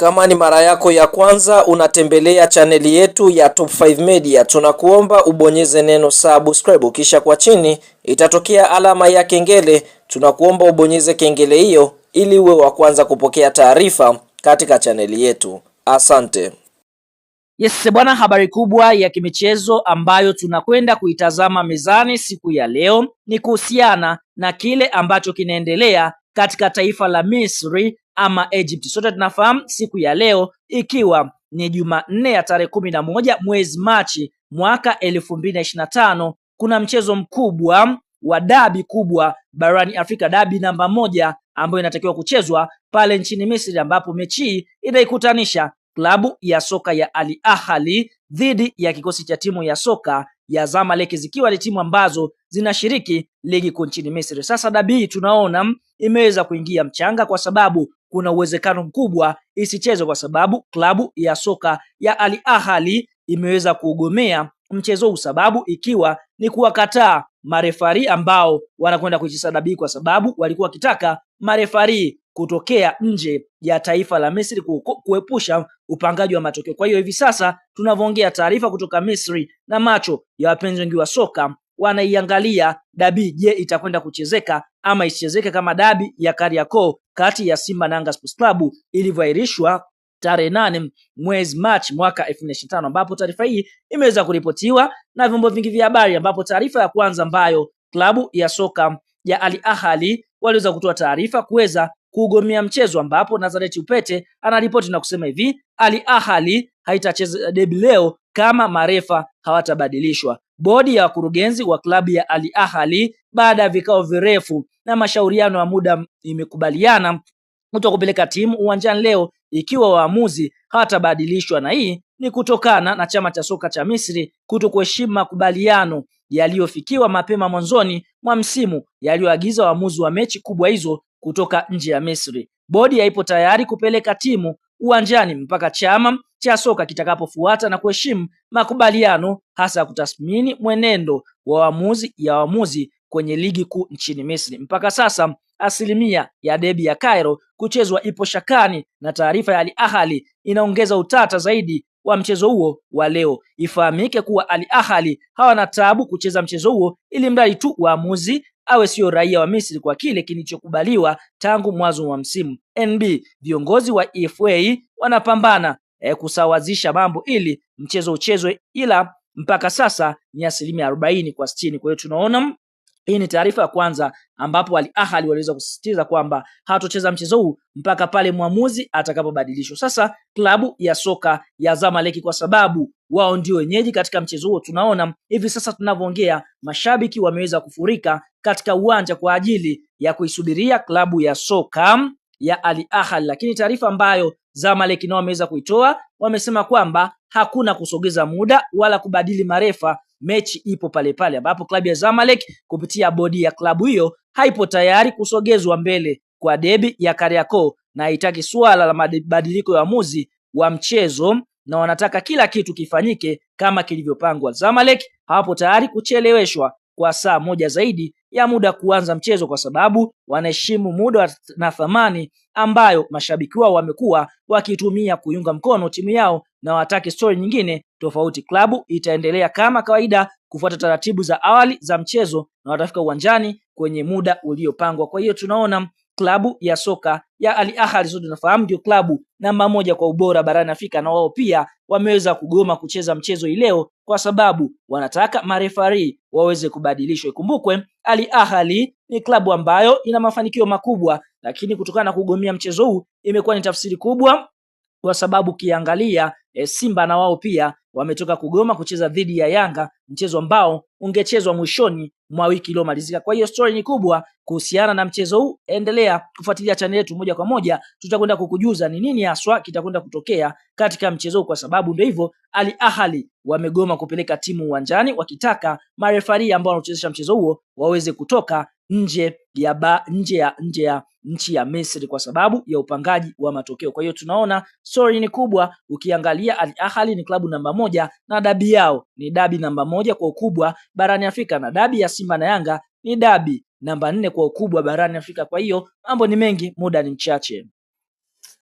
Kama ni mara yako ya kwanza unatembelea chaneli yetu ya Top 5 Media, tunakuomba ubonyeze neno subscribe, kisha kwa chini itatokea alama ya kengele. Tunakuomba ubonyeze kengele hiyo ili uwe wa kwanza kupokea taarifa katika chaneli yetu. Asante. Yes bwana, habari kubwa ya kimichezo ambayo tunakwenda kuitazama mezani siku ya leo ni kuhusiana na kile ambacho kinaendelea katika taifa la Misri ama Egypt. Sote tunafahamu siku ya leo ikiwa ni Jumanne ya tarehe kumi na moja mwezi Machi mwaka elfu mbili na ishirini na tano kuna mchezo mkubwa wa dabi kubwa barani Afrika, dabi namba moja ambayo inatakiwa kuchezwa pale nchini Misri, ambapo mechi hii inaikutanisha klabu ya soka ya Al Ahly dhidi ya kikosi cha timu ya soka ya Zamalek, zikiwa ni timu ambazo zinashiriki ligi kuu nchini Misri. Sasa dabi hii tunaona imeweza kuingia mchanga, kwa sababu kuna uwezekano mkubwa isichezwe kwa sababu klabu ya soka ya Al Ahly imeweza kuugomea mchezo huu, sababu ikiwa ni kuwakataa marefari ambao wanakwenda kucheza dabi, kwa sababu walikuwa wakitaka marefari kutokea nje ya taifa la Misri kuepusha upangaji wa matokeo. Kwa hiyo hivi sasa tunavyoongea, taarifa kutoka Misri na macho ya wapenzi wengi wa soka wanaiangalia dabi, je, itakwenda kuchezeka ama isichezeke kama dabi ya Kariakoo kati ya Simba na Yanga Sports Club ilivyoahirishwa tarehe nane mwezi Machi mwaka 2025 ambapo taarifa hii imeweza kuripotiwa na vyombo vingi vya habari, ambapo taarifa ya kwanza ambayo klabu ya soka ya Al Ahly waliweza kutoa taarifa kuweza kugomea mchezo, ambapo Nazareti Upete anaripoti na kusema hivi: Al Ahly haitacheza debi leo kama marefa hawatabadilishwa. Bodi ya wakurugenzi wa klabu ya Al Ahly baada ya vikao virefu na mashauriano ya muda imekubaliana kuto kupeleka timu uwanjani leo ikiwa waamuzi hawatabadilishwa, na hii ni kutokana na chama cha soka cha Misri kuto kuheshimu makubaliano yaliyofikiwa mapema mwanzoni mwa msimu yaliyoagiza waamuzi wa mechi kubwa hizo kutoka nje ya Misri. Bodi haipo tayari kupeleka timu uwanjani mpaka chama cha soka kitakapofuata na kuheshimu makubaliano, hasa ya kutathmini mwenendo wa waamuzi ya waamuzi kwenye ligi kuu nchini Misri. Mpaka sasa asilimia ya debi ya Cairo kuchezwa ipo shakani, na taarifa ya Al Ahly inaongeza utata zaidi wa mchezo huo wa leo. Ifahamike kuwa Al Ahly hawana tabu kucheza mchezo huo, ili mradi tu waamuzi awe sio raia wa Misri, kwa kile kilichokubaliwa tangu mwanzo wa msimu. NB viongozi wa e FA wanapambana e, kusawazisha mambo ili mchezo uchezwe, ila mpaka sasa ni asilimia arobaini kwa sitini. Kwa hiyo tunaona hii ni taarifa ya kwanza ambapo Al Ahly waliweza kusisitiza kwamba hatocheza mchezo huu mpaka pale mwamuzi atakapobadilishwa. Sasa klabu ya soka ya Zamalek kwa sababu wao ndio wenyeji katika mchezo huo, tunaona hivi sasa tunavyoongea, mashabiki wameweza kufurika katika uwanja kwa ajili ya kuisubiria klabu ya soka ya Al Ahly, lakini taarifa ambayo Zamalek nao wameweza kuitoa, wamesema kwamba hakuna kusogeza muda wala kubadili marefa, mechi ipo pale pale, ambapo klabu ya Zamalek kupitia bodi ya klabu hiyo haipo tayari kusogezwa mbele kwa debi ya Kariakoo na haitaki suala la mabadiliko ya uamuzi wa mchezo na wanataka kila kitu kifanyike kama kilivyopangwa. Zamalek hawapo tayari kucheleweshwa kwa saa moja zaidi ya muda kuanza mchezo, kwa sababu wanaheshimu muda na thamani ambayo mashabiki wao wamekuwa wakitumia kuiunga mkono timu yao, na wataki stori nyingine tofauti. Klabu itaendelea kama kawaida kufuata taratibu za awali za mchezo na watafika uwanjani kwenye muda uliopangwa. Kwa hiyo tunaona klabu ya soka ya Al Ahly zote tunafahamu ndio klabu namba moja kwa ubora barani Afrika, na wao pia wameweza kugoma kucheza mchezo ileo kwa sababu wanataka marefari waweze kubadilishwa. Ikumbukwe Al Ahly ni klabu ambayo ina mafanikio makubwa, lakini kutokana na kugomea mchezo huu imekuwa ni tafsiri kubwa kwa sababu ukiangalia e, Simba na wao pia wametoka kugoma kucheza dhidi ya Yanga, mchezo ambao ungechezwa mwishoni mwa wiki iliyomalizika. Kwa hiyo story ni kubwa kuhusiana na mchezo huu, endelea kufuatilia chaneli yetu moja kwa moja, tutakwenda kukujuza ni nini haswa kitakwenda kutokea katika mchezo huu, kwa sababu ndio hivyo, Al Ahly wamegoma kupeleka timu uwanjani wakitaka marefari ambao wanachezesha mchezo huo waweze kutoka nje ya ba, nje ya nje ya nchi ya Misri kwa sababu ya upangaji wa matokeo. Kwa hiyo tunaona stori ni kubwa, ukiangalia Al Ahly ni klabu namba moja na dabi yao ni dabi namba moja kwa ukubwa barani Afrika, na dabi ya Simba na Yanga ni dabi namba nne kwa ukubwa barani Afrika. Kwa hiyo mambo ni mengi, muda ni mchache.